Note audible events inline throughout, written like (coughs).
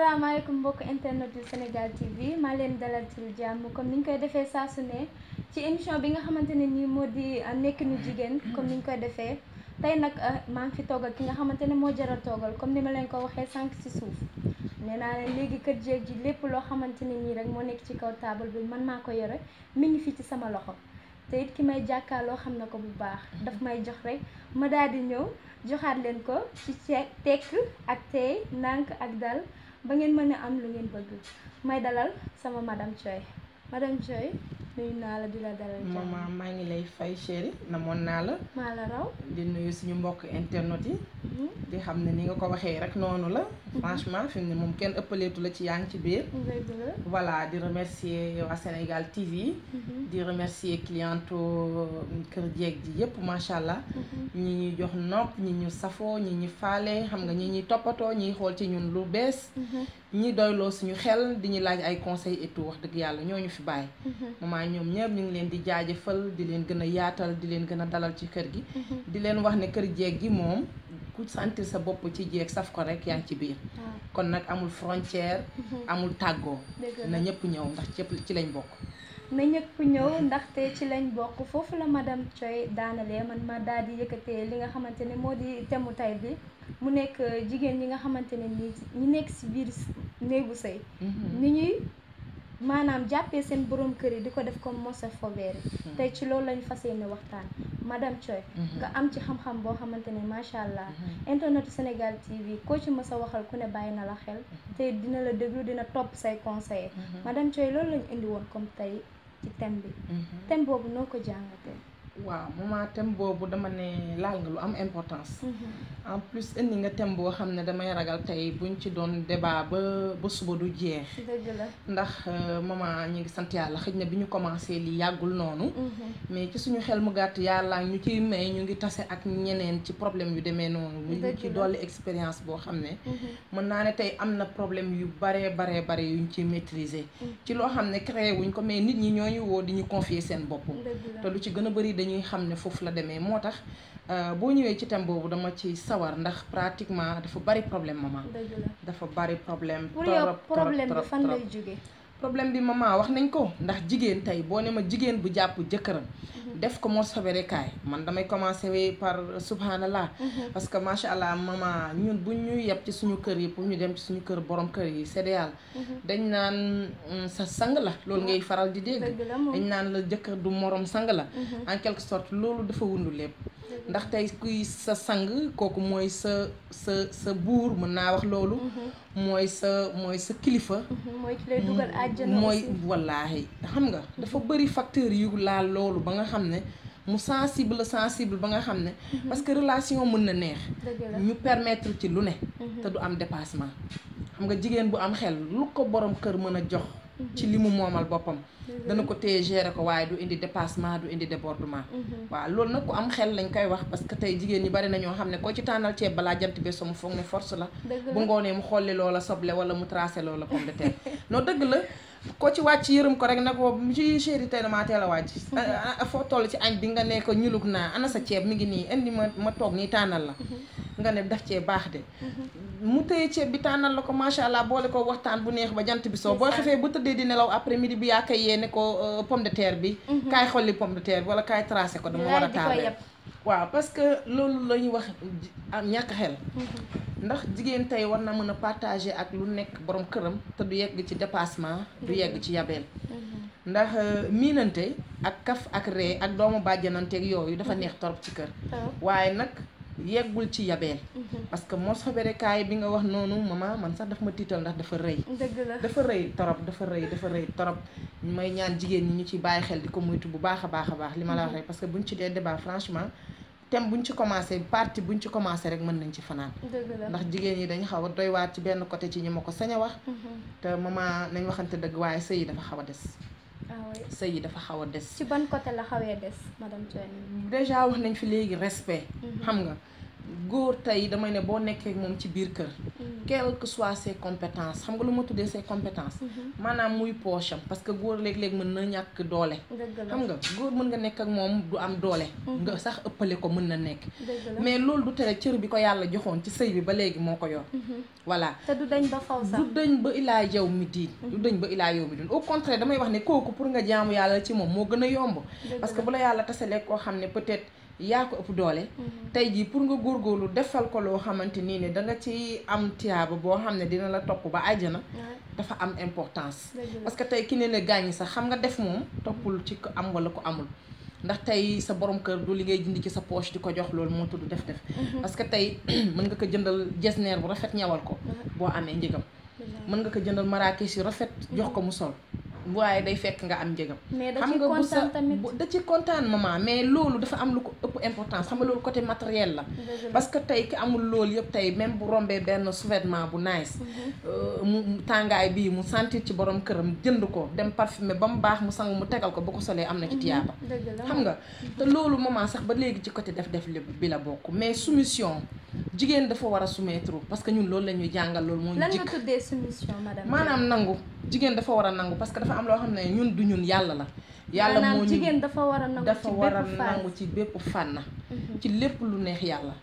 asalaamaaleykum mbokk internet yu Sénégal TV maa leen dalal ci jàmm comme ni ñu koy defee saa ne ci émission bi nga xamante ne nii moo di euh, nekk nu jigéen comme ni koy defee tey nag euh, maa ngi fi toogal ki xamante ne moo jaral toogal comme ni ma leen ko waxee sànq ci suuf nee naa léegi kër jeeg ji lépp loo xamante ne nii rek moo nekk ci kaw taabal bi man maa ko yore mi ngi fii ci sama loxo te it ki may jàkkaarloo xam na ko bu baax dafa may jox rek ma daal di ñëw joxaat leen ko ci tekk ak tey ndànk ak dal ba ngeen mën a am lu ngeen bëgg may dalal sama madame Thioye madame Thioye nuyu di la dalal maman maa ngi lay fay chéri namoon naa la. maa la raw di nuyu suñu mbokk internet yi. Mm-hmm. di xam ne ni nga ko waxee rek noonu la. Mm-hmm. franchement fi ne moom kenn ëppaleetu la ci yaa ngi ci biir. voilà di remercier Sénégal TV. Mm-hmm. di remercier cliente euh, Kër Jeeg ji yépp macha allah. ñi ñuy jox nopp ñi ñu safoo ñi ñu faale xam nga ñi ñuy toppatoo ñiy xool ci ñun lu bees. ñi doyloo suñu xel di ñu laaj ay conseils et tout wax dëgg yàlla ñoo ñu fi bàyyi. maman ñoom ñëpp ñu ngi leen di jaajëfal di leen gën a yaatal di leen gën a dalal ci kër gi. Mhm. di leen wax ne kër jeeg gi moom ku sentir sa bopp ci jeeg saf ko rek yaa ci biir. kon nag amul frontière. Mhm. amul tàggoo. na ñëpp ñëw ndax cëpp ci lañ bokk. na ñëpp ñëw te ci lañ bokk foofu la madame Thioy daanalee man ma daal di yëkkatee li nga xamante ne moo di temu tay bi mu nekk euh, jigéen ñi nga xamante ne nii ñu nekk si biir néegu sëy mm-hmm. ni ñuy maanaam jàppee seen borom kër yi di ko def comme mose fobeere mm-hmm. tey ci loolu lañ fas ne waxtaan madam Thioy mm-hmm. nga am ci xam-xam boo xamante ne macha allah internet Sénégal TV koo ci mës waxal ku ne bàyyi na la xel te dina la déglu dina topp say conseillers madame Thioy tey ci thème bi mm-hmm. thème boobu noo ko jàngatee waaw moment thème boobu dama ne laal nga lu am importance. Mm-hmm. en plus indi nga thème boo xam ne damay ragal tey bu buñ ci doon débat ba ba suba du jeex. dëgg la ndax euh, maman ñu ngi sant yàlla xëj na bi ñu commencé li yàggul noonu. Mm-hmm. mais ci suñu xel mu gàtt yàlla ñu ciy may ñu ngi tase ak ñeneen ci problème yu demee noonu. ñu ci dolli expérience boo xam ne. Mm-hmm. mën naa ne tey am na problème yu baree baree bare yuñ ci maîtriser. Mm. ci loo xam ne créé wuñ ko mais nit ñi ñoo ñu woo di ñu confier seen bopp. dañuy xam ne foofu la demee moo tax euh, boo ñëwee ci tam boobu dama ci sawar ndax pratiquement dafa bari problème maman. dafa bari problème. trop pour yow problème bi fan lay jógee. problème bi maman wax nañ ko ndax jigéen tey boo ne ma jigéen bu jàpp jëkkëram def ko mos fabere kaay man damay commencer par subhanallah parce que macha allah maman ñun bu ñuy yeb ci suñu kër yi pour ñu dem ci suñu kër borom kër yi sédéal dañ naan mm, sa sang la loolu ngay faral di dégg dañ naan la jëkkër du morom sang la mhm. en quelque sorte loolu dafa wundu lépp ndax tey kuy sa sang kooku mooy sa sa sa buur mën naa wax loolu mm-hmm. mooy sa mooy sa kilifa mm-hmm. mooy ki lay dugal mm-hmm. àjjana mooy wallaahi xam nga dafa bëri facteurs yu laal loolu ba nga xam ne mu sensible sensible ba nga xam ne parce que relation mën na neex ñu permettre ci lu ne te du am dépassement xam nga jigéen bu am xel lu ko borom kër mën a jox ci li mu moomal boppam dana ko téye gérer ko waaye du indi dépassement du indi débordement mhm. waaw loolu nag ku am xel lañ koy wax parce que tey jigéen ñi bari na ñoo xam ne koo ci tànnal ceeb balaa jant be so mu foog ne force la bu ngoonee mu xolli loola soble wala mu tracé loola pomme de terre (laughs) non dëgg la ko ci wàcc yërëm ko rek nag boobu ci chéri tey damaa teel a (laughs) eh, eh, eh, foo toll ci añ bi nga ne ko ñulug naa ana sa ceeb mi ngi nii indi ma ma toog nii tànnal la mhm. nga ne daf cee baax de mhm. mu tëye ceeb bi tànnal la ko macha allah boole ko waxtaan bu neex ba jant bi soo boo xefee bu tëddee di nelaw après midi bi yaa koy yee ne ko euh, pomme de terre bi mhm. kaay xolli pomme de terre bi wala kaay tracé ko dama war a taal waaw parce que loolu la ñuy wax ñàkk xel mm-hmm. ndax jigéen tey war na mën a partager ak lu nekk borom këram te du yegg ci dépassement du yegg ci yabeel mm-hmm. ndax euh, miinante ak kaf ak ree ak doomu bàjjanante ak yooyu dafa mm-hmm. neex torop ci kër ah. waaye nag yeggul ci yabeel mhm. parce que mos xabarekaay bi nga wax noonu mama man sax daf ma tiital ndax dafa rëy dëgg la dafa rëy torop dafa rëy dafa rëy torop may ñaan jigéen ñi ñu ci bàyyi xel di ko moytu bu baax a baax a baax li ma la wax mhm. rek parce que buñ ci dee débat franchement thème buñ ci commencé partie buñ ci commencé rek mën nañ ci fanaan ndax jigéen ñi dañu xaw a doy waat ci benn côté ci ñu ma ko sañ a wax mhm. te mama nañ waxante dëgg waaye sëy yi dafa xaw a des sëy yi dafa xaw a des. ci ban côté la xawee des madame Thioné. déjà wax nañ fi léegi respect. Mhm. xam nga. góor tey damay ne boo ak mom ci biir kër. Mm. quel que soit ses compétences xam nga lu ma tuddee ses compétences. manam mm-hmm. muy poche parce que góor léeg-léeg mën na ñak doolé xam nga góor mën nga nek ak mom du am doolé mm-hmm. nga sax ëppalé ko mën na nek mais loolu du télé cër bi ko yalla joxoon ci sey bi ba légui moko yor. Mm-hmm. voilà te du dañ ba faw sax du dañ ba ila yow mi diin. du dañ ba ila yow mi diin au contraire damay wax né koku pour nga jaamu yalla ci mom mo gëna yomb. parce que bu la yàlla tasalee koo xam ne peut-être. yaa ko ëpp doole mm-hmm. tey jii pour nga góor góorlu defal ko loo xamante nii ne da ci am tiyaaba boo xam ne dina la topp ba àjjana dafa am importance parce que tey ki ne la gaañi sax xam nga def moom toppul ci ko am wala ko amul ndax tey sa borom kër du li ngay jënd ci sa poche di ko jox loolu moo tudd def def mm-hmm. parce que tey (clears throat) mën nga ko jëndal jes neer bu rafet ñawal ko boo amee njëgam mën nga ko jëndal maraakees yu rafet jox ko mu sol waaye day fekk nga am njëgam. xam nga bu sa da ci kontaan maman mais loolu dafa am lu ko ëpp importance xam nga loolu côté matériel la. parce que tey ki amul loolu yëpp tey même bu rombee benn sous-vêtement bu nice. Mhm. Euh, mu tàngaay bii mu sentir ci borom këram jënd ko dem parfumé ba mu baax mu sangu mu tegal ko bu ko solee am na ci mhm. tiyaaba. xam nga te loolu maman sax ba léegi ci côté def-def bi la bokk mais soumission. jigéen dafa war a soumettre parce que ñun loolu la ñuy jàngal loolu moo ñu lan nga tuddee soumission maanaam nangu jigéen dafa war a nangu parce que dafa am loo xam ne ñun du ñun yàlla la yàlla moo ñu jigéen dafa war a nangu dafa war a nangu ci bépp fànna mhm. ci lépp lu neex yàlla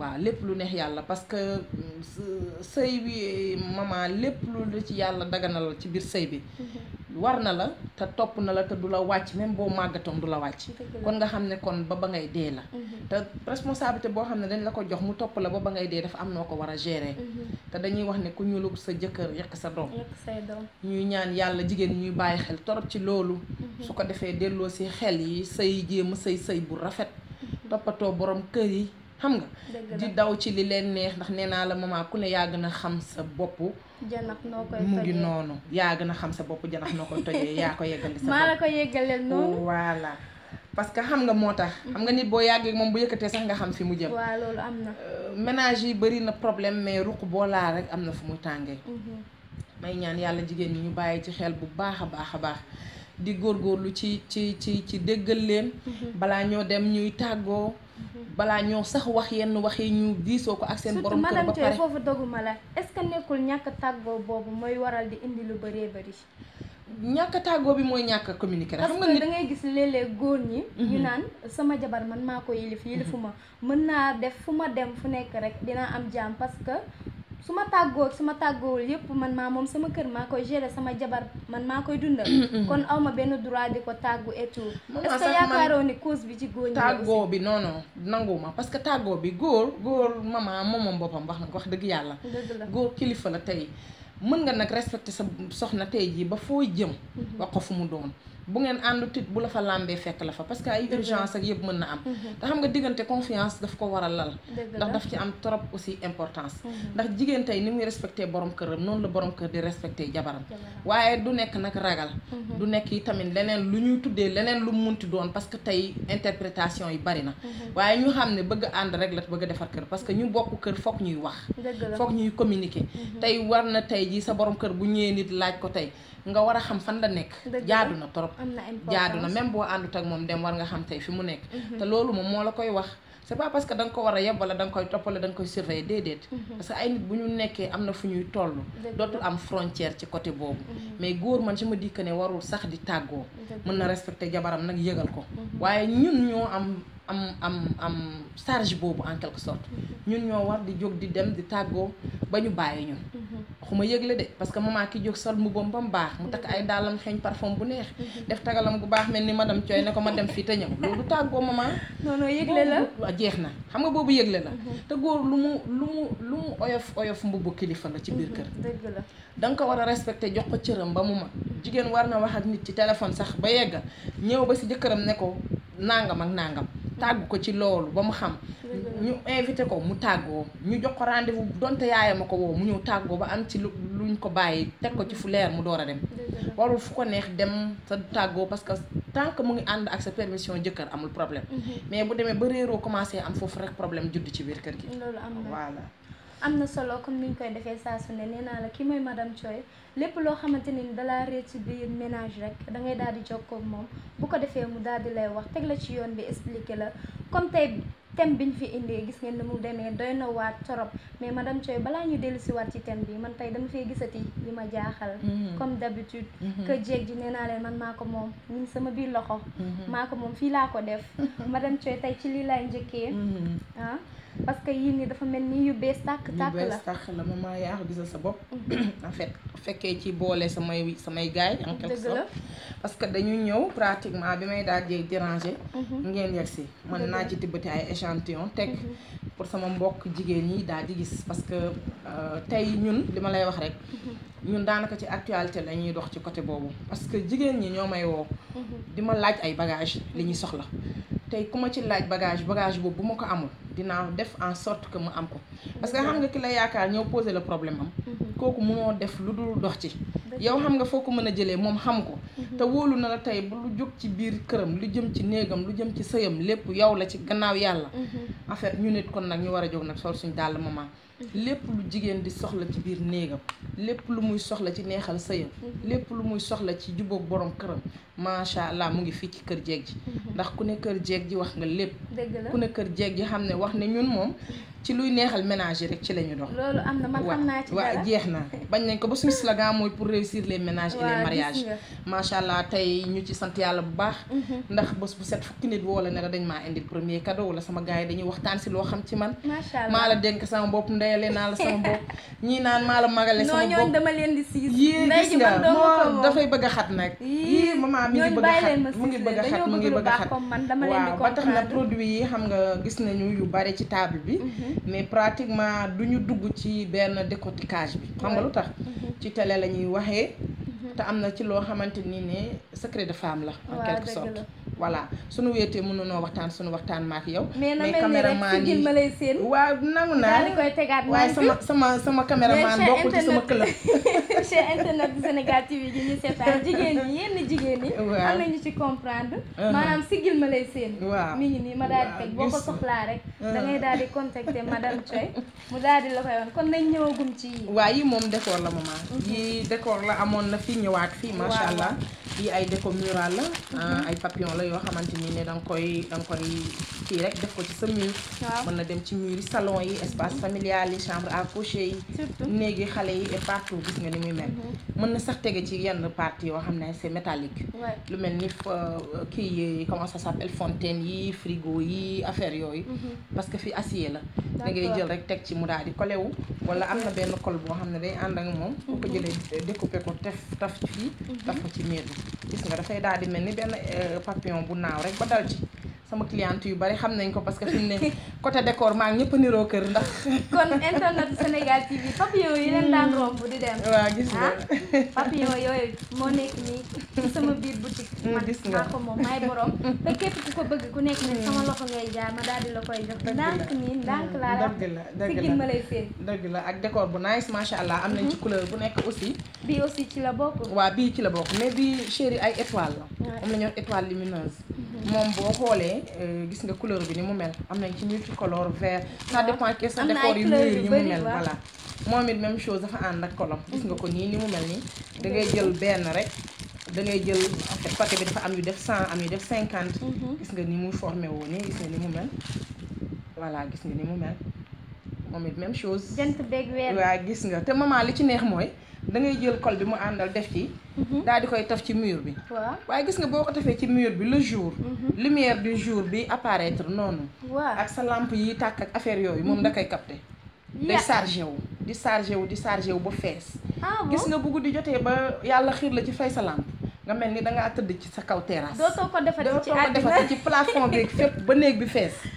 waaw lépp lu neex yàlla parce que mm, sëy bi maman lépp lu ci yàlla daganal ci biir sëy bi mhm. war na la te topp na la te du la wàcc même boo màggatoon du la wàcc kon nga xam ne kon ba ba ngay dee la mhm. te responsabilité boo xam ne dañ la ko jox mu topp la ba ba ngay dee dafa am noo ko war a gérer mhm. te dañuy wax ne ku ñuulub sa jëkkër yekk sa doom ñuy ñaan yàlla jigéen ñuy bàyyi xel torop ci loolu mhm. su ko defee delloo si xel yi sëy jéem a sëy sëy bu rafet toppatoo borom kër yi xam nga di daw ci li leen neex ndax nee naa la maman ku ne yàgg na xam sa bopp janax noo mu ngi noonu yàgg na xam sa bopp janax noo koy tojee yaa ko yeggali sa bopp (laughs) maa la ko yeggaleel noonu voilà parce que xam nga moo tax xam nga nit boo yàggee moom bu yëkkatee sax nga xam fi mu jëm waaw am na euh, ménage yi bëri na problème mais ruq boo laa rek am na fu muy tàngee mhm. may ñaan yàlla jigéen ñi ñu bàyyi ci xel bu baax a baax a baax di góorgóorlu ci ci ci ci déggal leen mhm. balaa ñoo dem ñuy tàggoo Mhm. balaa ñoo sax wax yenn wax yi ñu diisoo ko ak seen borom kër ba pare foofu doguma la est-ce que nekkul ñàkk tàggoo boobu mooy waral di indi lu bëree bëri ñàkk tàggoo bi mooy ñàkk communiquer rek xam nga nit da ngay gis léeg-léeg góor ñi ñu mhm. naan sama jabar man maa ko yilif mhm. yilifu ma mën naa def fu ma dem fu nekk rek dinaa am jaam parce que su ma tàggoo su ma tàggoowul yëpp man maa moom sama kër maa koy gérer sama jabar man maa koy dundal. kon aw ma benn droit di ko tàggu et tout. est-ce que ni cause bi ci góor ñi. tàggoo bi non non ma parce que tàggoo bi góor góor mama moomam boppam wax na wax dëgg yàlla. dëgg góor kilifa la tey mën nga nag respecter sa soxna tey jii ba foo jëm. Mm-hmm. wax ko fu mu doon. bu ngeen ànd tit bu la fa làmbee fekk la fa parce que ay urgence ak yëpp mën na am mhm. te xam nga diggante confiance daf ko war a lal ndax daf ci am trop aussi importance mhm. ndax jigéen tey ni muy respecté borom këram noonu la borom kër di respecté jabaram waaye du nekk nag ragal mhm. du nekk yi tamit leneen lu ñuy tuddee leneen lu munti doon parce que tey interprétation yi bari na waaye ñu xam ne bëgg ànd rek la bëgg a defar kër parce que ñu bokk kër foog ñuy wax foog ñuy communiquer tey war na tey ji sa borom kër bu ñëwee nit laaj ko tey nga war a xam fan la nekk jaadu na trop jaadu na même boo àndut ak moom dem war nga xam tey fi mu nekk mhm. te loolu moom moo la koy wax c'est pas parce ko war a yeb wala da koy toppale da nga koy surveiller déedéet mhm. parce ay nit bu ñu nekkee am na fu ñuy toll dootul am frontière ci côté boobu mhm. mais góor man su ma dikk ne warul sax di tàggoo mën na respecter jabaram nag yëgal ko waaye ñun ñoo am am am am charge boobu en quelque sort mhm. ñun ñoo war di jóg di dem di tàggoo ba ñu bàyyi ñun mhm. xuma yëgle de parce que maman ki jóg sol mu bom ba mu baax mu takk mhm. ay dàllam xeeñ parfum bu neex def tagalam bu baax mel ni ma madame Thioye ne ko ma dem fii te ñëw loolu tàggoo maman non non yëgle jeex na xam nga boobu yëgle la te góor lu mu lu mu lu oyof oyof mbubbu kilifa la ci biir kër dëgg la da nga ko war a respecté jox ko cëram ba mu ma jigéen war na wax ak nit ci téléphone sax ba yegga ñëw ba si jëkkëram ne ko nangam ak nangam tàgg ko ci loolu ba mu xam ñu invité ko mu tàggoo ñu jox ko rendez-vous donte yaayam a ko woo mu ñëw tàggoo ba am ci lu luñ ko bàyyi teg ko ci fu leer mu door a dem warul fu ko neex dem sa tàggoo parce que tant que mu ngi ànd ak sa permission jëkkër amul problème mhm. mais bu demee ba réeroo commencé am foofu rek problème judd ci biir kër gi voilà am na solo comme ni ñu koy defee saa ne nee naa la kii mooy madame Thioye lépp loo xamante ni dalaa réer ci biir ménage rek da ngay daal di jokkoo moom bu ko defee mu daal di lay wax teg la ci yoon bi expliqué la comme tey thème bi ñu fi indee gis ngeen ni mu demee doy na waat torop mais madame Thioye balaa ñu dellu si waat ci thème bi man tey dama fee gisati li ma jaaxal mhm. comme d'habitude mhm. que jeeg ji nee naa leen man maa ko moom ñun sama biir loxo mhm. maa ko moom fii laa ko def (laughs) madame Thioye tey ci lii laay njëkkee ah parce que yii nii dafa mel nii yu bees tàkk tàkk la yu bees tàkk la gisal sa bopp mm-hmm. (coughs) en fait fekkee ci boole samay samay gaay en quelque sorte parce que dañu ñëw pratiquement bi may daal di déranger mm-hmm. ngeen yegg si man naa ci tibbati ay échantillon teg mm-hmm. pour sama mbokk jigéen ñi daal di gis parce que euh, tey ñun li ma lay wax rek ñun daanaka ci actualité la ñuy dox ci côté boobu parce que jigéen ñi ñoo may woo di ma laaj ay bagage li ñuy soxla tey ku ma ci laaj bagage bagage boobu bu ma ko amul dinaa def en sorte que mu am ko parce que xam nga ki la yaakaar ñëw poser la problème am mhm. kooku mënoo def lu dul dox ci yow xam nga foo ko mën a jëlee moom xam ko mhm. te wóolu na la tey bu lu jóg ci biir këram lu jëm ci néegam lu jëm ci sëyam lépp yow la ci gannaaw yàlla affaire mhm. ñu nit kon nag ñu war a jóg nag sol suñ dàll maman lépp lu jigéen di soxla ci biir néegam lépp lu muy soxla ci neexal sëyam lépp lu muy soxla ci juboog borom këram macha allah mu ngi fii ci kër jeeg ji mhm. ndax ku ne kër jeeg ji wax nga lépp ku ne kër jeeg ji xam ne wax ne ñun moom ci luy neexal ménage yi rek ci la ñu dox. am na man xam naa ci jeex na bañ nañ ko ba la slogan mooy pour réussir les ménages et les mariages. macha allah tey ñu ci sant yàlla bu baax. Mhm. ndax bés bu set fukki nit woo la ne dañ maa indi premier cadeau wala sama gars yi dañuy waxtaan si loo xam ci man. macha allah maa la dénk sama bopp ndeyale naa la sama naan maa la magale sama bopp non ñooñu dama leen di siis. ndey ji man doomu ko moom a xat nag. yii maman mi ngi a xat mu ngi a xat mu ngi a xat waaw ba tax na produit yi xam nga gis nañu yu bare ci table bi mhm. Mhm. mais pratiquement du ñu dugg ci benn cage bi xam nga lu tax mhm. ci tele la ñuy waxee mhm. te am na ci loo xamante ni ne secret de femme la en quelque sorte voilà suñu wéetee mënunoo waxtaan suñu waxtaan ma yow. mais na mel ni ma lay seen. waaw naa daal koy tegaat waaye sama sama sama caméraman sama club. (laughs) chez internet du Sénégal jigéen ñi yenn jigéen ñi. waaw am nañu ci uh-huh. ma lay seen. waa mi ngi nii ma daal di teg boo uh-huh. daal di contacter madame Thioye mu daal di la koy wan kon nañ ñëwagum ci waa waaw yi moom décor la maman. Uh-huh. yi décor la amoon na fi ñëwaat fii. macha allah yi ay déco mural la. ay papillon la. yoo xamante ni ne da nga koy da nga koy kii rek def ko ci sa mur. mën na dem ci mur salon yi espace familial yi chambre à coucher yi. néegi xale yi et partout gis nga ni muy mel. Mhm. mën na sax tege ci yenn parties yoo xam ne c'est métallique. lu mel ni euh, kii comment ça s'appelle fontaine yi frigo yi affaire yooyu. Mhm. parce que fi acier là. da ngay jël rek teg ci mu daal di collé wu wala am na benn col boo xam ne day ànd ak moom boo ko mhm. jëlee découpé ko tef taf fii taf mhm. ko ci miir bi gis nga dafay daal di mel ni benn euh, papillon bu naaw rek ba dal ci sama client yu bari xam nañ ko parce que fimné côté décor ma ngi ñëpp niroo kër ndax. kon internet Sénégal TV papio yi len daan rombu di dem. (laughs) wa gis nga ah, papio yoy moo nekk nii ci sama biir boutique. Mm, ma gis nga ko moom may borom. te képp ku ko bëgg ku nekk ni sama loxo ngay jaar ma daal di la koy jox. dank ni dank la la dëgg la dëgg la ma lay fee. dëgg la ak décor bu nice ma sha allah am nañ ci mm-hmm. couleur bu nekk aussi. bi aussi ci la bokk. wa bi ci la bokk mais bi chéri ay étoile la. waaw am nañu étoile lumineuse. moom boo xoolee euh, gis nga couleur bi ni mu mel am nañ ci multicolore vert ça dépend que sa décor yu mur ni mu mel voilà moom it même chose dafa ànd ak colom gis nga ko nii ni mu mel nii da ngay jël benn rek da ngay jël en fait paquet bi dafa am yu def cent am yu def cinquante mhm. gis nga ni mu formé woo nii gis nga ni mu mel voilà gis nga ni mu mel moom it même chose jant beeg weer waaw gis nga te maman li ci neex mooy da ngay jël col bi mu àndal def ci. Mhm. daal di koy taf ci mur bi. waaw waaye gis nga boo ko tafee ci mur bi le jour. Mhm. lumière du jour bi apparaître noonu. ak sa lampe yi tàkk ak affaire yooyu moom da mhm. koy capté. day chargé wu di chargé wu di chargé wu ba fees. Ah, gis nga bu guddi jotee ba yàlla xiir la ci fay sa lampe. nga mel ni da ngaa tëdd ci sa kaw terrasse. dootoo ko defati ci àddina ci plafond bi fépp ba néeg bi fees. (laughs)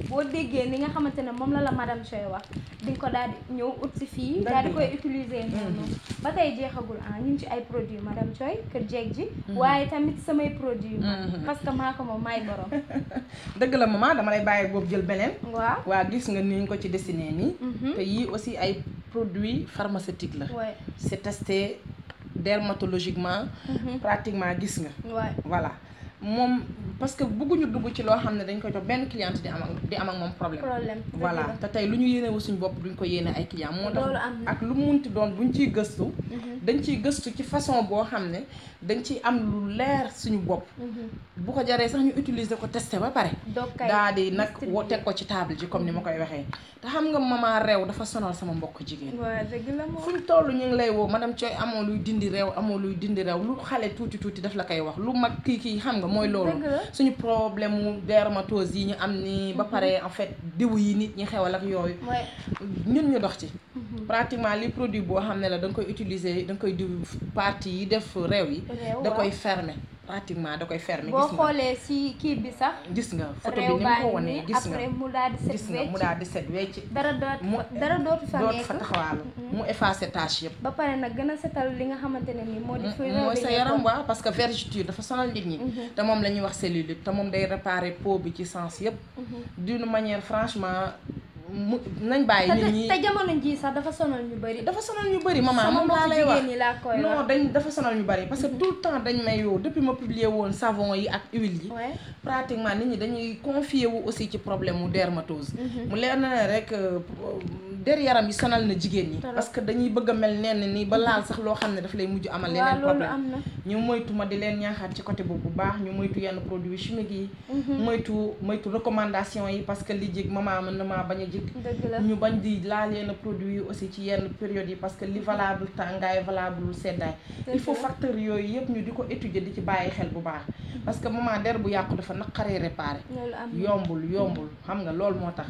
boo déggee ni nga xamante ne moom la la madame Choy wax di nga ko daal di ñëw ut si fii daal di koy utiliser noonu mhm. ba tey jeexagul ah ñu ngi ci ay produit madame Choy kër jeeg ji mhm. waaye tamit samay produit ma mhm. parce que maa ko moom maay borom (laughs) dëgg la maman dama lay bàyyi boobu jël beneen waa gis nga ni ñu ko ci dessiné nii te yii aussi ay produit pharmaceutique la c'est testé dermatologiquement pratiquement gis nga voilà moom parce que bëgguñu dugg ci loo xam ne dañ koy jox benn cliente di am ak di am moom problème. problème voilà te tey lu ñu yéenewu suñu bopp duñ ko yéene ay clients. moo tax ak lu munti doon buñ ciy gëstu. Mhm. dañ ciy gëstu ci façon boo xam ne dañ ciy am lu leer suñu bopp. Mhm. bu ko jaree sax ñu utiliser ko testé ba pare. daa di nag woo ko ci table ji comme ni ma koy waxee. te xam nga réew dafa sonal sama mbokk jigéen. waaw dëgg la moom fuñ toll ñu ngi lay woo madame Thioye amoon luy dindi réew amoo luy dindi réew lu xale tuuti tuuti daf la koy wax lu mag kii kii xam nga mooy loolu suñu problème mu dermatose yi ñu am ni ba pare mhm. en fait diw yi nit ñi xewal ak yooyu ñun ñu dox ci mhm. pratiquement li produit boo xam ne la da koy utiliser danga koy diw partie yi def réew yi da koy fermer pratiquement da koy fermer. boo xoolee si kii bi sax. gis nga photo bi ni mu ko wanee gis nga mu daal di set wecc mu daal di set wecc dara dootu fa mu effacé tâche yëpp. ba pare nag gën a setal li nga xamante ne nii moo di. mooy sa yaram waaw parce que vergeture dafa sonal nit ñi. Mm-hmm. te moom la ñuy wax cellulite te moom day réparer peau bi ci sens yëpp. Mm-hmm. d'une manière franchement. mu nañ bàyyi nit ñi te jamono jii sax dafa sonal ñu bëri. dafa sonal ñu bëri maman moom laa lay wax non dañ dafa sonal ñu bari parce que mhm. tout le temps dañ may yow depuis ma publier woon savon yi ak huile yi. pratiquement nit ñi dañuy confier wu aussi ci problème mu dermatose. Mhm. mu leer na ne rek. Euh, der yaram yi sonal na jigéen ñi parce que dañuy bëgg mel nenn nii ba laal sax loo xam ne daf lay mujj amal leneen problème ñu moytu ma di leen ñaaxaat ci côté boobu baax ñu moytu yenn produit chimique yi mhm. moytu moytu recommandation yi parce que li jig maman mën na maa bañ a jig ñu bañ di laal yenn produit yi aussi ci yenn période yi parce que li valable tàngaay valable seddaay il faut facteur yooyu yëpp ñu di ko étudier di ci bàyyi xel bu baax parce que maman der bu yàqu dafa naqaree réparé yombul yombul xam nga loolu moo tax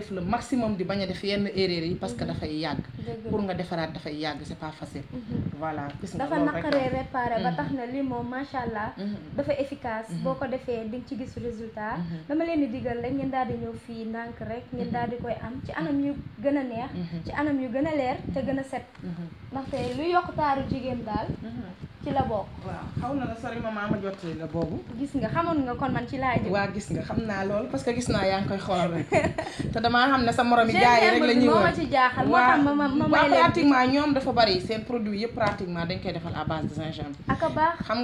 def le maximum di bañ a def yenn erreur yi parce mhm. dafay yàgg pour nga defaraat dafay yàgg c'est pas facile mhm. voilà gis nga dafa naqaree ba mhm. tax na lii moom macha allah dafa efficace boo ko defee di nga ci gis résultat dama leen di digal rek ngeen daal di ñëw fii ndànk rek ngeen daal di koy am ci anam yu gën a neex ci anam yu gën a leer te gën a set ndaxte lu yokk taaru jigéen daal ci la bokk. waaw xaw na la sori ma ma jottali la boobu. gis nga xamoon nga kon man ci laa jëm. waaw gis nga xam naa lool parce que gis naa yaa ngi koy xoolal rek te damaa xam ne sa moromi jaay rek la ñuy wër ñoom dafa bari seen produit yëpp pratiquement dañ koy defal à base de gingembre. ak a baax xam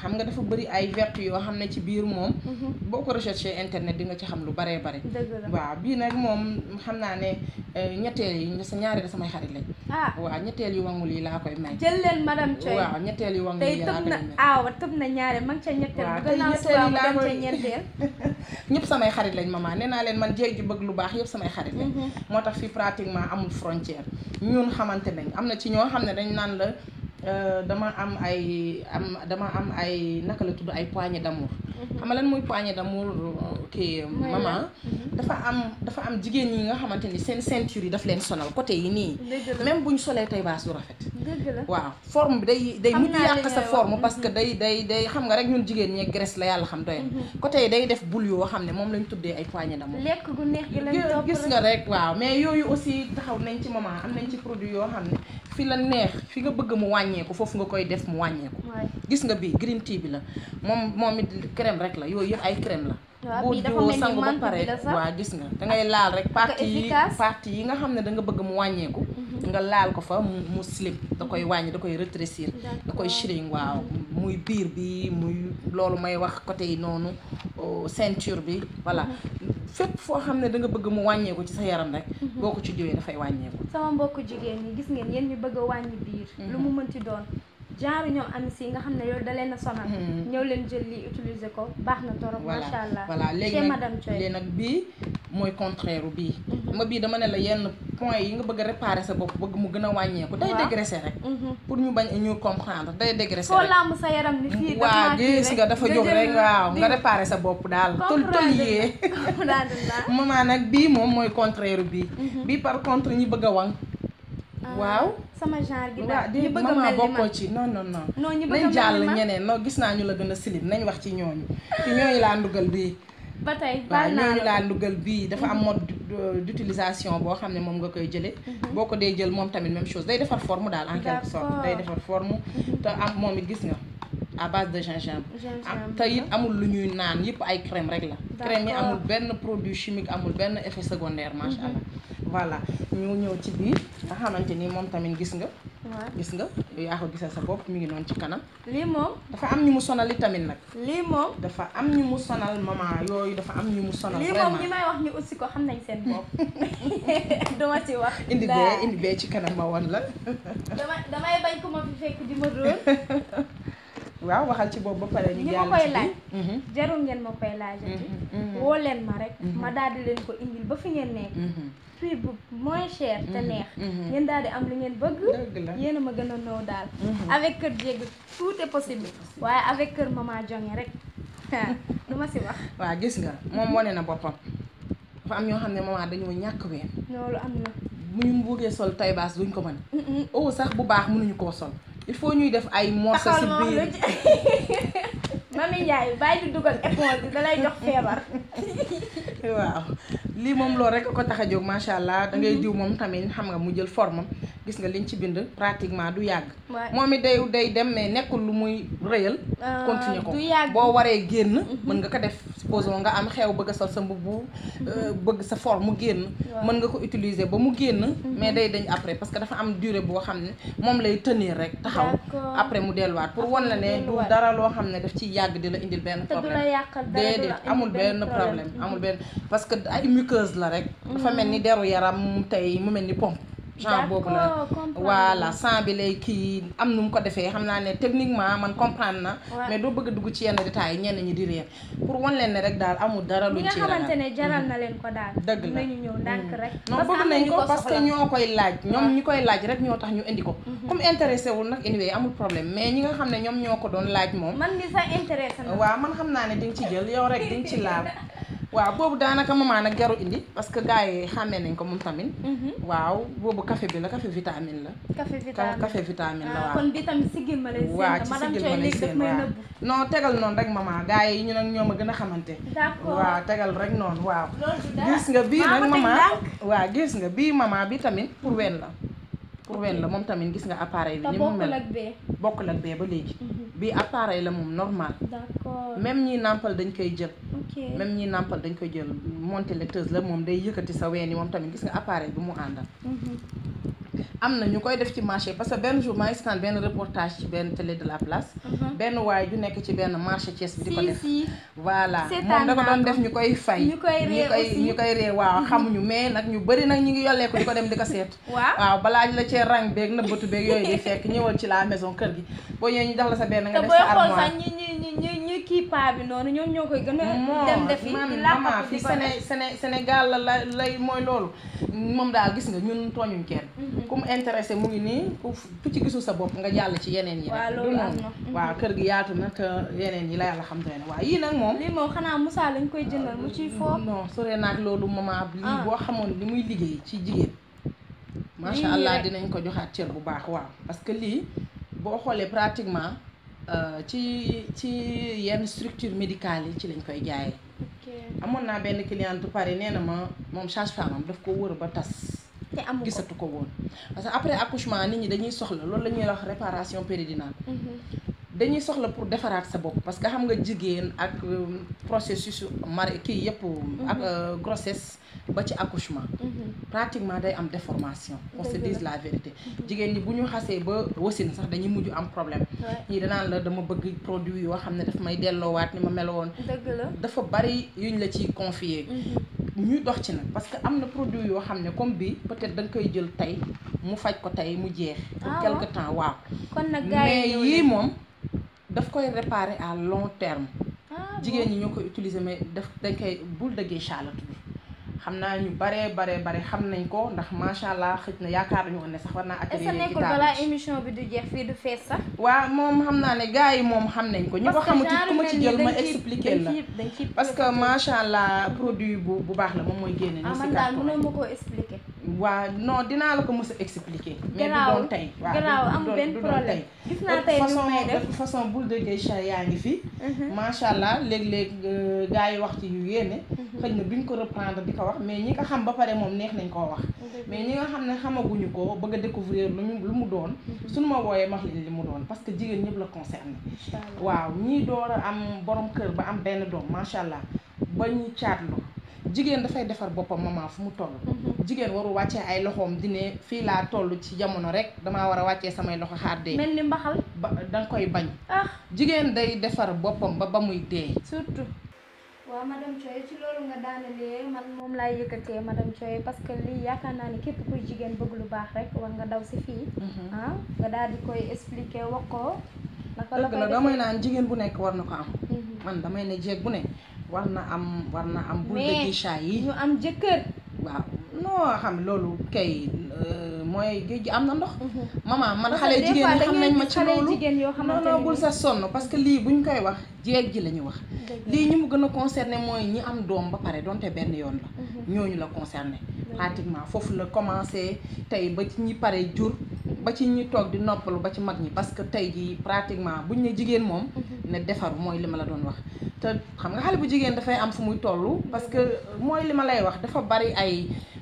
xam nga dafa bari ay vertu yoo xam ne ci biir moom. Mhm. boo ko recherché internet di nga ci xam lu bare. dëgg la bii nag moom xam naa ne eh, ñetteel yi sa ñaari da samay xarit ah. laa koy may. jël leen madame Thioye ñetteel yi wax tey tëb na aawa ah, tëb na ñaare man ngi ca ñetteel bu gannaaw suba mu dem ca ñeenteel (laughs) ñëpp samay xarit lañ ma nee naa leen man jéeg ji bëgg lu baax yëpp samay xarit lañ mm-hmm. moo tax fii pratiquement amul frontière ñun xamante nañ am na ci ñoo xam ne dañ naan la Euh, dama am ay am dama am ay naka la tudd ay poignée d'amour mhm. xam leen lan muy poignée d'amour euh, kii euh, maman mhm. dafa am dafa am jigéen ñi nga xamante ni seen ceinture yi daf leen sonal côté yi nii même buñ solee tey baas rafet waaw forme bi day day mujj yàq sa form parce que mhm. day day day xam nga rek ñun jigéen ñee graisse la yàlla xam doyen côté yi day def bul yoo xam ne moom lañ tuddee ay poignée d'amour lekk gu neex gi lañ topp gis nga rek waaw mais yooyu aussi taxaw nañ ci maman am nañ ci produit yoo xam ne fi la neex fi nga bëgg mu wàññeeku foofu nga koy def mu wàññeeku. gis nga bi green tea bi la moom moom it crème rek la yooyu yëpp ay crème la. boo diwoo sangu ba pare waaw gis nga dangay laal rek parti yi parti yi nga xam ne da nga bëgg mu wàññeeku nga laal ko fa mu slip da koy wàññi da koy rétrécir da koy shrink waaw muy biir bi muy loolu may wax côté yi noonu ceinture bi voilà mm-hmm. fépp foo xam ne da nga bëgg mu wàññeeku ci sa yaram rek mm-hmm. boo ko ci diwee dafay wàññeeku sama mbokk jigéen ñi gis ngeen yéen ñu bëgg a wàññi biir mm-hmm. lu mu mënti doon genre ñoom am si nga xam ne yow da leen a sonal. Hmm. ñëw leen jël lii utiliser ko baax na torop. macha allah voilà léegi nag léegi nag bii mooy contraire bii. Mhm. ma bii dama ne la yenn point yi nga bëgg a réparer sa bopp bëgg mu gën a wàññeeku. day dégraissé mhm. pour ñu bañ ñu comprendre day dégraissé rek. foo laamu sa yaram ni fii dafa waaw gis dafa jóg rek waaw nga sa bopp daal. tol tol yee comprendre (laughs) nag bii moom mooy contraire bii. Mhm. bii par contre ñi bëgg a wang waaw sama genre gi ñu bëgg a mel ni bokkoo ci non non non. ñu a mel nañ jàll ñeneen non gis naa ñu la gën a silim nañ wax ci ñooñu. ci ñooñu laa ndugal bii. tey baal naa waaw ñooñu laa ndugal bii dafa am mhm. mode d'utilisation boo xam ne moom nga koy jëlee. Mhm. boo ko dee jël moom tamit même chose day defar forme daal en quelque day defar formu mhm. te am moom it gis nga. à base de gingembre. gingembre ah, uh-huh. te it amul lu ñuy naan yëpp ay crème rek la. crème yi amul benn produit chimique amul benn effet secondaire macha uh-huh. voilà ñu ñëw ci biir nga xamante ni moom tamit gis nga. gis nga yaa ko gisal sa bopp mu ngi noonu ci kanam. lii moom dafa am ñu mu sonal itamit nag. lii dafa am ñu mu sonal maman yooyu dafa am ñu mu sonal. vraiment lii moom ñi may wax ñu aussi ko xam nañ seen bopp (laughs) duma ci wax. indi bee indi bee ci kanam ma woon la. dama damay (laughs) waaw waxal ci boobu ba pare ñu. jàll ci ñi ma koy laaj. Mhm. jarul ngeen ma koy laajati. Mhm, mhm. woo leen ma rek. ma daal di leen ko indil ba fi ngeen ne prix bu moins cher te neex. ngeen daal di am lu ngeen bëgg. dëgg a ma gën a nëw daal. avec kër jéeg tout possible waaye avec kër mama jonge rek (laughs) du ma si wax. waaw gis nga moom wane na boppam dafa am ñoo xam ne mama dañoo ñàkk ween. loolu am na. bu ñu buggee sol tay baas duñ ko mën. oo oh, sax bu baax mënuñu koo sol. il faut ñuy def ay morceaux si biir (laughs) mami Ndiaye bàyyi di dugal éponge bi da jox feebar. (laughs) waaw lii moom loolu rek ko tax a jóg macha allah da jiw mhm. diw moom tamit xam nga mu jël forme gis nga liñ ci bind pratiquement du yàgg. moom it day day dem mais nekkul lu muy rëyal. Euh, continuer ko boo waree génn. Mhm. mën nga ko def supposons nga am xew bëgg a sol sa mbubu mhm. euh, bëgg sa forme mu génn mën nga ko utiliser ba mu génn mais mhm. day dañ après parce que dafa am durée boo xam ne moom lay tenir rek taxaw après mu delluwaat pour wan la ne du dara loo xam ne daf ciy yàgg di la indil benn problème déedéet amul benn problème amul mhm. benn parce que ay muqueuse la rek dafa mel ni deru yaram tey mu mel ni pompe genre boobu la voilà sang bi lay kii am nu mu ko defee xam naa ne techniquement man comprendre na mais doo bëgg dugg ci yenn détails yi ñenn ñi di réer pour wan leen rek daal amul dara luñ ci xamante ne jaral mhm. na leen ko daal dëgg la nañu mhm. nañ ko parce que ñoo koy laaj ñoom ñi koy laaj rek ñoo tax ñu indi ko mhm. comme intéressé wul nag anyway amul problème mais ñi nga xam ne ñoom ñoo ko doon laaj moom man mi sax intéressé na waaw man xam naa ne di ci jël yow rek di nga ci laal (laughs) waaw boobu daanaka maman nag jaru indi parce que gars yi xàmmee nañ ko moom tamit. Mhm. waaw boobu café bi la café vitamine la. café vitamine la ah, waaw. kon bi tamit siggil ma lay seen. waaw ci siggil ma lay seen waaw non tegal noonu rek maman gars yi ñu nag ñoo ma gën a xamante. waaw tegal rek noonu waaw. gis nga bii nag maman waaw gis nga bii maman bi tamit pour ween la. pour wen la mm. moom tamit gis nga appareil bi. ni mu mel bokkul ak bee ba léegi. Mm-hmm. bi appareil la moom normal. d'accord même ñi nàmpal dañ koy jël. même ñi nàmpal dañ koy jël monté laiteuse la moom day yëkkati sa ween yi moom tamit gis nga appareil bi mu àndal. Mm-hmm. am na ñu koy def ci marché parce que benn jour maa ngi seetaan benn reportage ci benn télé de la place. Mhm. benn waay ju nekk ci benn marché Thiès bi di ko def. voilà moom da ko def ñu koy fay. ñu koy ñu koy ree waaw xamuñu mais nag ñu bëri nag ñu ngi yollee ko di ko dem di ko seet. (laughs) waaw balaa la cee rang beeg nëbbatu beeg yooyu di fekk ñëwal ci la maison kër gi boo ñëwee ñu jox la sa benn nga def sa armoire te booy xool kii paa bi noonu ñoom ñoo koy gën a dem defi man fi Séné Sénégal la la lay mooy loolu moom daal gis nga ñun tooñuñ kenn mm-hmm. ku mu intéressé mu ngi nii ku ci gisul sa bopp nga jàll ci yeneen yi rek du noonu mm-hmm. waaw kër gi yaatu na te yi la yàlla xam ne waaw yii nag moom lii moom xanaa Moussa lañ koy jëndal mu ciy foofu mm, non sore naag loolu maman ah. lii boo xamoon li muy liggéey ci jigéen macha allah dinañ ko joxaat cër bu baax waaw parce que lii boo xoolee pratiquement Euh, ci ci yenn structure médicale yi ci lañ koy jaayee. amoon naa benn cliente pare nee na ma moom sage-femme am daf ko wër ba tas. te amu gisatu ko woon. parce que après accouchement nit ñi dañuy soxla loolu la ñuy wax réparation péridinal mhm. dañuy soxla pour defaraat sa bopp parce que xam nga jigéen ak euh, processus mari kii yëpp. Mhm. ak euh, grossesse. ba ci accouchement mhm. pratiquement day am déformation qu'on se dise la vérité jigéen ni bu ñu xasee ba wasin sax dañuy mujj am problème ñii danaan la dama bëgg produit yoo xam ne daf may delloowaat ni ma mel woon dafa bari yuñ la ciy confier mhm. ñu dox ci parce que am produit ou xam combi comme bi peut-être da nga koy jël tey mu faj ko tey mu pour ah, quelque temps waaw kon mais yii moom daf koy réparer à long terme ah, jigéen ni ñoo koy utiliser mais daf dañ boule de geisha xam naa ñu baree baree bare xam nañ ko ndax macha allah xëj na yaakaar nañu woon ne sax war naa atelier ci nekkul balaa émission bi du jeex sax waaw moom xam naa ne gars yi moom xam nañ ko ñi ko xamut ku ma ci jël ma expliquer la parce que macha allah produit bu bu baax la moom mooy génne ah, ni si man daal mënoo ma koo expliquer wa non je ne ko expliquer. mais du doon de am problème vous De toute façon de façon boule de geisha mhm. les euh, gars ont ci yu mhm. reprendre mais ñi mais ne xamaguñu ko découvrir lu mu ne doon. pas mhm. ma wooyee ce li mu doon parce que ñëpp la waaw door am borom kër ba Masha'Allah, jigéen dafay defar boppam maman fu mu toll mhm. jigéen warul wàccee ay loxoom di fii laa toll ci jamono rek damaa war a wàcce samay loxo xaar dee mel ni mbaxal ba da koy bañ ah jigéen day defar boppam ba ba muy dee surtout waaw madame Thioye ci loolu nga daanalee man moom laay yëkkatee madame Thioye parce que lii yaakaar naa ne képp kuy jigéen bëgg lu baax rek war nga daw si fii mhm. ah, nga daal di koy expliquer wax ko naka la dëgg naa damay jigéen bu nekk war na ko am mhm. man ne war na am war na am. boule de guicha yi ñu am jëkkër. waaw noo xam loolu kay euh, mooy géej gi am na ndox. Mhm. maman man xale jigéen ñi xam nañ ma ci loolu non non bul sa sonn parce que lii buñ koy wax jeeg ji la ñu wax. lii ñu mu gën a concerné mooy ñi am doom ba pare donte benn yoon la. Mhm. ñooñu la concerné. pratiquement foofu la commencé tey ba ci ñi pare jur. ba ci ñi toog di noppalu ba ci mag ñi parce que tey jii pratiquement ñu ne jigéen moom mhm. ne defaru mooy li ma la doon wax te xam nga xale bu jigéen dafay am fu muy toll parce que mooy li ma lay wax dafa bari ay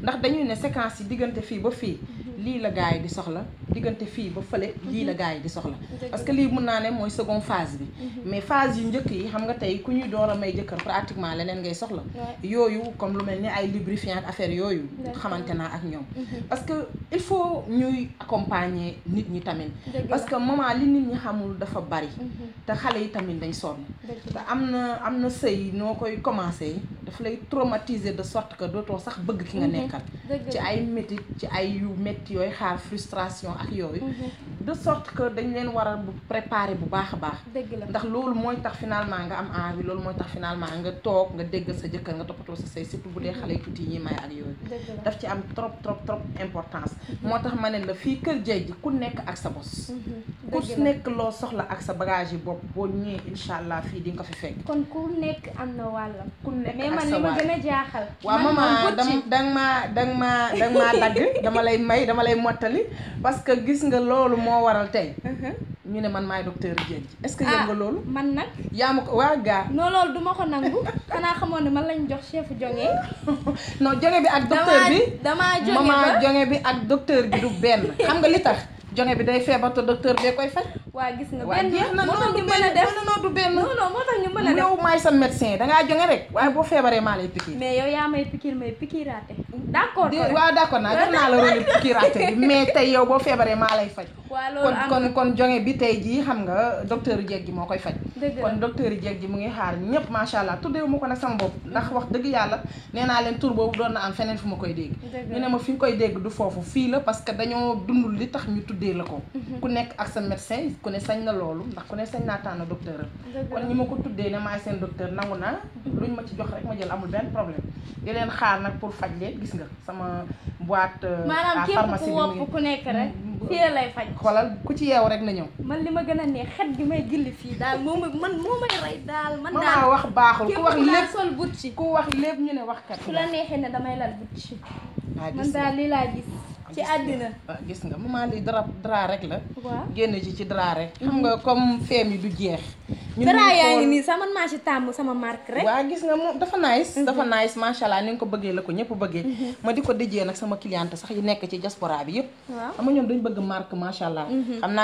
ndax dañuy ne séquence yi diggante fii ba fii mhm. lii la gaay di soxla digënté fi ba fële lii la gaay di soxla parce que lii mun naa ne moy second phase bi mais phase yu njëkk yi xam nga tay ku ñuy doora may jëkkeur pratiquement leneen ngay soxla yoyu comme lu melni ay lubrifiant affaire yoyu xamante na ak ñom parce que il faut ñuy accompagner nit ñi tamit parce que moment li nit ñi xamul dafa bari te xale yi tamit dañ sonn te amna amna sëy nokoy commencer daf lay traumatiser de sorte que doto sax bëgg ki nga mhm. nekkal ci ay métit ci ay yu métti yoy xaar frustration ak yoy mhm. de sorte que dañ leen wara a préparer bu baax baax ndax loolu moy tax finalement nga am envie loolu moy tax finalement nga tok nga dégg sa jëkkal nga topato sa sey surtout bu dé mhm. xalé tuti ñi may ak yoy daf ci am trop trop trop importance motax mané ma ne la fii kër jeej ku nekk ak sa boss ku nekk lo soxla ak sa bagage bop bo boo inshallah fi di nga fi fekk kon ku nekk amna na ku nekk man li ma gën a jaaxal. waaw maman dang maa dang maa dang maa dagg dama lay may dama lay mottali parce que gis nga loolu moo waral tey. Uh-huh. ñu ne man maay docteur Dieng est-ce que ah, yëg nga loolu. man nag yaa ma ko waa gaa. noo loolu du ma ko nangu xanaa xamoon ni man lañ jox chef jonge (laughs) noo jonge bi ak. docteur bi damaa damaa jonge bi ak docteur bi du benn xam nga li tax jonge bi day feebar te docteur bee koy faj. waa gis nga benn moo tax ñu def a def yow maay sa médecin dangaa jonge rek waaye boo feebaree maa lay pikiir mais yow yaa may pikiir may pikiiraate d'accord waaw d'accord naa jox naa la rôle (laughs) pikiiraate bi mais tey yow boo feebaree maa lay faj kon kon kon jonge bi tey jii xam nga docteur jeeg gi moo koy faj kon docteur jeeg gi mu ngi xaar ñépp macha allah tuddeewu ko nag sama bopp ndax wax dëgg yàlla nee naa leen tur boobu doon na am feneen fu ma koy dégg ñu ne ma fi nga koy dégg du foofu fii la parce que dañoo dundul li tax ñu tuddee la ko mhm. ku nekk ak sa médecin ku ne sañ na loolu ndax ku ne sañ naa tànn docteur am kon ñi ma ko tuddee ne maay seen docteur nangu naa luñ ma ci jox ma jël amul benn problème di leen xaar nag pour faj leen gis nga sama boîte euh, à pharmacie maanaam képp ku nekk rek fii mm. lay faj xoolal ku ci yeew rek na ñëw man li ma gën a neex xet gi may gilli fii daal moom man moo may rey daal man daal wax baaxul ku wax lépp sol but ci ku wax lépp ñu ne wax kat su la neexee ne damay lal but ci man daal lii laa gis ci àddina ah, gis nga maman li dara dara rek la waaw ci ci dara rek xam mhm. nga comme feem du jeex man ci sama marque rek waaw gis nga dafa nice mhm. dafa nice macha ni ko bëggee la ko ñëpp mhm. ma sama cliente sax yi nekk ci diaspora bi yëpp xam nga ñoom dañ bëgg marque macha allah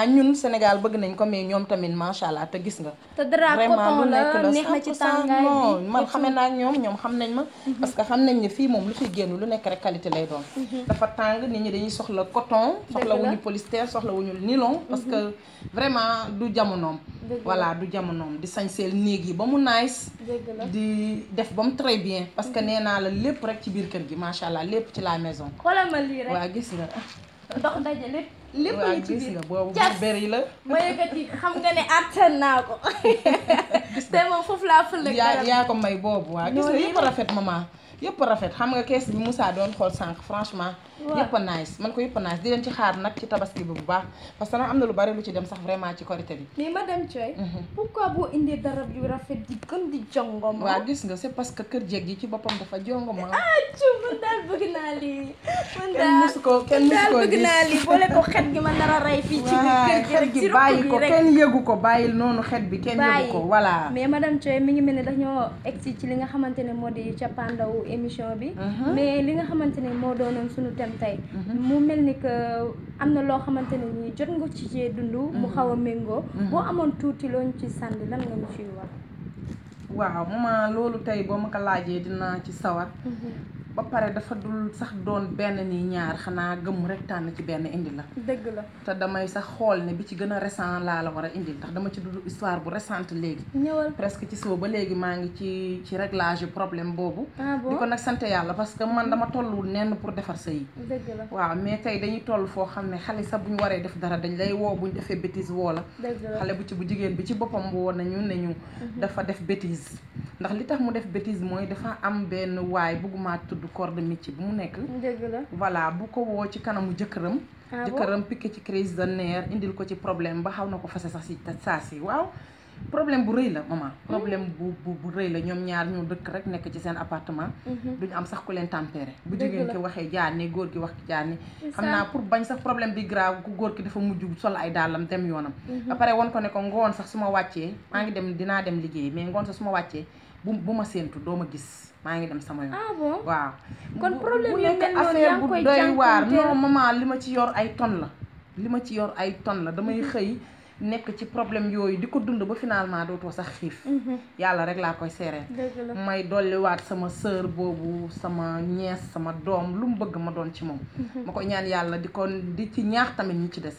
ñun Sénégal bëgg nañ ko mais ñoom tamit macha te gis nga te dara coton la neex na ci tàngaay man xame naa ñoom ñoom xam nañ ma parce que xam nañ lu lu nekk rek qualité lay doon dafa dañuy soxla coton soxla wuñu polyester soxla wuñu nylon parce que mhm. vraiment du jamonom voilà du jamonom di sañsel néeg yi ba mu nice di def ba mu très bien parce que mhm. nee la lépp rek ci biir kër gi macha allah lépp ci la maison xoolal ma lii rek waa gis nga dox ndaje lépp lépp yi ci biir boobu bëri la ma yëkkati xam nga ne attan naa ko (laughs) te moom foofu laa fëlëg yaa yaa ko may boobu waa gis nga yëpp rafet maman yëpp rafet xam nga kees bi Moussa doon xool sànq franchement yëpp a nice man ko yëpp a nice di leen ci xaar nag ci tabaski bu baax parce que nag am lu bari lu ci dem sax vraiment ci korité bi mais madame Thioye mhm. pourquoi boo indee darab yu rafet di gën di jongoma waaw gis nga c'est parce que kër jéeg yi ci boppam dafa jongoma ah ci man daal bëgg naa lii man daal musu ko kenn musu ko bëgg naa lii boole ko xet gi ma nar a rey ci kër gi xet gi bàyyi ko kenn xet bi kenn yëgu ko voilà mais madame Thioye mi ngi mel ne dañoo egsi ci li nga xamante ne moo di cappaandawu émission bi mhm. mais li nga xamante ne moo doonoon thème dem tey mhm. mu mel ni que am na loo xamante ne nii jot nga ci cee dund mhm. mu xaw a méngoo mhm. boo amoon tuuti loo ñu ci sànni lan nga ñu ciy wax waaw maman loolu tey boo ma ko laajee dinaa ci sawar ba pare dafa dul sax doon benn ni ñaar xanaa gëm rek tànn ci benn indi la. dëgg la te damay sax xool ne bi ci gën a recent laa la war a indil ndax dama ci dudd histoire bu récente léegi. ñëwal presque ci soo ba léegi maa ngi ci ci réglage problème boobu. Ah di ko nag sant yàlla parce que man dama tolluwul nenn pour defar sa yi. dëgg waaw mais tey dañuy toll foo xam ne xale sax bu ñu waree def dara dañ lay woo bu ñu defee bêtise woo la. xale bu ci bu jigéen bi ci boppam woo nañu ne ñu. Mhm. dafa def bêtise ndax li tax mu def bêtise mooy dafa am benn waay bëgguma tudd du corps de métier mu nekk. dëgg la voilà bu ko woo ci kanamu jëkkëram. Ah jëkkëram piqué ci crise de nerf indil ko ci problème ba xaw na ko fase sax si saa si waaw. problème bu rëy la maman hmm? problème bu bu bu rëy la ñoom ñaar ñu dëkk rek nekk ci seen appartement hmm? duñu am sax ku leen tempéré bu jigéen ki waxee jaar ni góor gi wax ki jaar ni xam naa pour bañ sax problème bi grave ku góor ki dafa mujj sol ay dàllam dem yoonam hmm? ba pare won ko ne ko ngoon sax suma ma wàccee maa ngi dem dinaa dem liggéey mais ngoon sax su ma wàccee bu ma séentu doo ma gis maa ngi dem sama yoon. ah bon waaw. kon problème yu mel noonu yaa ngi koy jànkuwanteel bu nekk affaire bu doy waar non maman li ma ci yor ay tonnes la. li ma ci yor ay tonnes la damay mhm. xëy. nekk ci problème yooyu di ko dund ba finalement dootoo sax xiif mhm. yàlla rek laa koy seereen may dolliwaat sama sœur boobu sama ñees sama doom lu mu bëgg ma doon ci moom mhm. ma ko ñaan yàlla di ko di ci ñaax tamit ñi ci des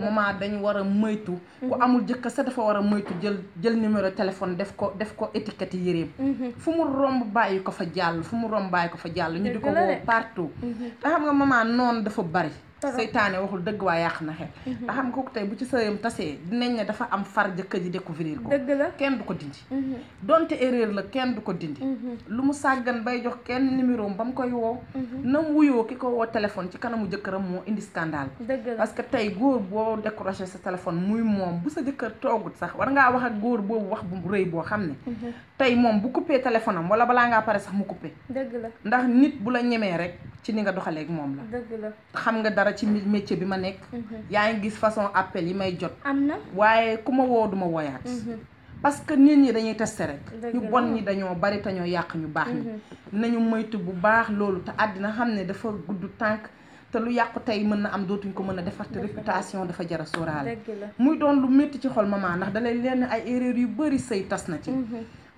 moment dañ war a moytu ku mhm. amul jëkk sa dafa war a moytu jël jël numéro téléphone def ko def ko étiquette yéreem fu mu romb bàyyi ko fa jàll fu mu romb bàyyi ko fa jàll ñu di ko woo partout te xam nga maman noonu dafa bari seytaane waxul dëgg waa yàq na xel mhm. te xam nga kooku tey bu ci sëyam tasee dinañ ne dafa am far jëkkër ji découvrir ko dëgg la kenn du ko dindi mhm. donte erreur la kenn du ko dindi mhm. lu mu sàggan bay jox kenn numéro ba mu koy woo na mu wuyoo ki ko woo téléphone ci kanamu jëkkëram moo indi scandale dëgg la parce que tey góor boo décroché sa téléphone muy moom bu sa jëkkër toogut sax war ngaa wax ak góor boobu wax bu rëy boo xam ne tey moom bu coupé téléphone am wala balaa ngaa pare sax mu coupé dëgg ndax nit bu la ñemee rek ci ni nga doxaleeg moom la. dëgg la xam nga dara ci métier bi ma nekk. Mhm. yaa ngi gis façon appel yi may jot. am na waaye ku ma woo duma ma wooyaat. Mhm. parce que nit ñi dañuy teste rek. ñu bon ñi dañoo bari te ñoo yàq ñu baax ñi. Mhm. nañu moytu bu baax loolu te àddina xam ne dafa gudd tànk. te lu yàqu tey mën na am dootuñ ko mën a defar te réputation dafa jar a sóoraale. muy doon lu métti ci xol maman ndax dalay lenn ay erreur yu bari sëy tas na ci.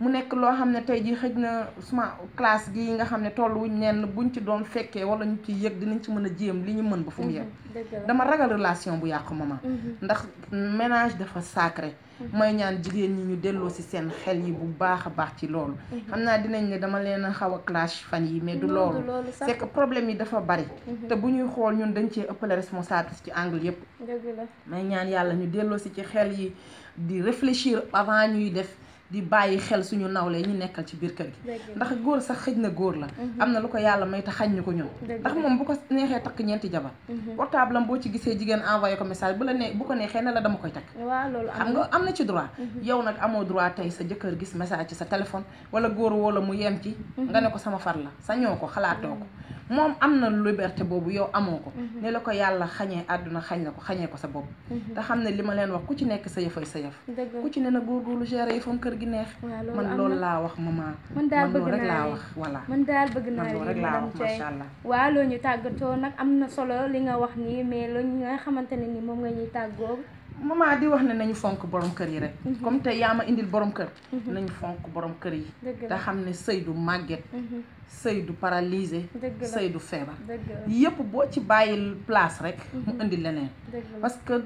mu nekk loo xam ne tey jii xëj na suma classe gi nga xam ne toll tolluwuñ neen buñ ci doon fekkee wala ñu ci yëg dinañ ci mën a jéem li ñu mën ba fu mu yëg mhm, dama ragal relation bu yàqu maman mhm. ndax ménage dafa sacré mhm. may ñaan jigéen ñi ñu delloo si seen xel yi bu baax a baax ci loolu xam naa dinañ ne dama leen a xaw a clash fan yi mais du loolu c'est que problème yi dafa bari te bu ñuy xool ñun dañ cee ëppale responsabilité ci angle yépp may ñaan yàlla ñu delloo si ci xel yi di réfléchir avant ñuy def di bàyyi xel suñu nawle ñu nekkal ci biir kër gi ndax góor sax xëj na góor la mhm. am na lu ko yàlla may te xañ ñu ko ñun ndax moom bu ko neexee takk ñeenti jabar mhm. portable boo ci gisee jigéen envoyé ko message bu la nee bu ko neexee ne la dama koy takk xam nga am na ci droit mhm. yow nag amoo droit tey sa jëkkër gis message ci sa téléphone wala góor woo la mu yem ci nga ne ko sama far la sañoo ko xalaatoo ko moom am na lu liberté boobu yow amoo ko mhm. ne la ko yàlla xañee àdduna xañ la ko xañee ko sa bopp mhm. te xam ne li ma leen wax ku ci nekk sa yëfay sa yëf ku ci ne na góorgóorlu gérer yëfam kër gi neex man loolu laa wax maman man daal bëgg rek laa wax voilà man daal bëgg naa loolu rek laa wax macha allah waa loo ñu tàggatoo nag am na solo li nga wax nii mais loolu nga xamante ne ni moom nga ñuy tàggoo maman di wax ne nañu fonk borom kër yi rek mhm. comme te yaa ma indil borom kër mhm. nañu fonk borom kër yi te xam ne sëy du màgget mhm. sëy du paralysé sëy du feebar yépp boo ci bàyyi place rek mu indi leneen parce que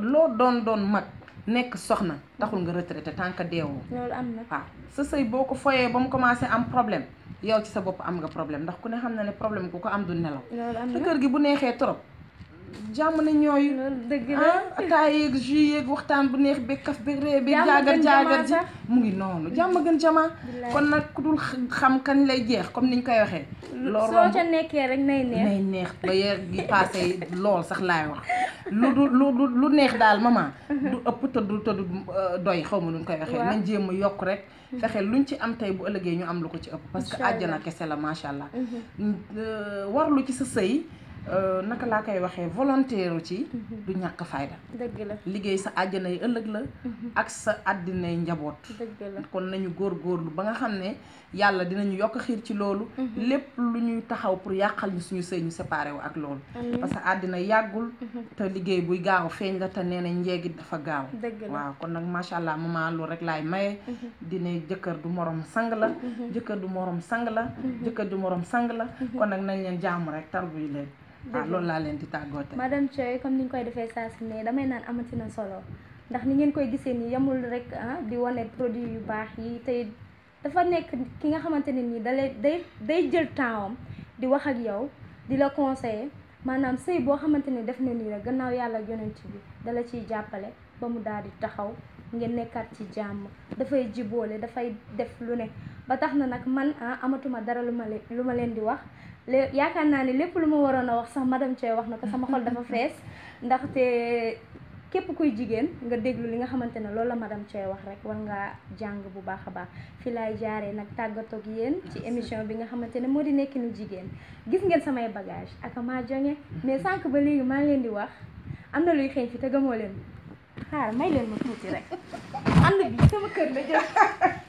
loo doon doon mag nekk soxna taxul nga retraité tant que deewoo loolu am waaw sa sëy boo ko foyee ba mu commencé am problème yow ci sa bopp am nga problème ndax ku ne xam na ne problème ku ko am du nelaw te kër gi bu neexee trop jàmm na ñooyu dëgg la ah, ataay waxtaan bu neex beeg kaf beeg ree beeg jaagar jaagar ji mu ngi noonu jàmm gën jamaa kon nag ku dul xam kan lay jeex comme niñ koy waxee loolu soo ca neex nay neex ba yeer gi passé lool sax laay wax lu du lu lu neex daal maman (laughs) du ëpp tëddul tëddu euh, doy xaw ma nuñ koy waxee nañ jéem a yokk rek (laughs) fexe luñ ci am tey bu ëllëgee ñu am lu ko ci ëpp parce que àjjana kese la macha allah (laughs) euh, warlu ci sa sëy Euh, naka laa koy waxee volontaire ci mhm. du ñàkk fayda liggéey sa àjjana yi ëllëg la mhm. ak sa àddinay njaboot kon nañu góorlu ba nga xam ne yàlla dina ñu yokk xiir ci loolu mhm. lépp lu ñuy taxaw pour yàqal ñu suñu sëy ñu séparé wu ak loolu parce que àddina yàggul mhm. te liggéey buy gaaw feeñ la te nee na njeegi dafa gaaw waaw kon nag macha allah maman loolu rek laay maye mhm. dina jëkkër du morom sang la jëkkër du morom sang la jëkkër du morom sang la kon nag nañ leen jaamu rek tarbuy leen waaw loolu laa leen di tàggoote madame Thioye comme ni ñu koy defee saa si ne damay naan amati na solo ndax ni ngeen koy gisee nii yemul ah, dafa nekk ki nga xamante ne nii dale day day jël temps am di wax ak yow di la conseiller maanaam sëy boo xamante ne def na nii la gannaaw yàlla yonent bi dala ciy jàppale ba mu daal di taxaw ngeen nekkaat ci jàmm dafay jiboole dafay def lu ne ba tax na nag man ah amatuma dara lu ma leen lu ma leen di wax lé yaakaar naa ne lépp lu ma waroon a wax sax ma madame Thiaw wax na ko sama xol dafa fees ndaxte képp kuy jigéen nga déglu li nga xamante ne loolu la madame Thioye wax rek war ngaa jàng bu baax a baax fi laay jaaree nag tàggatook yéen ci émission bi nga xamante ne moo di nekkinu jigéen gis ngeen samay bagage ak maa jonge mais sànq ba léegi maa ngi leen di wax am na luy xeeñ fi te gëmoo leen xaar may leen ma tuuti rek ànd bi sama kër la jël (laughs)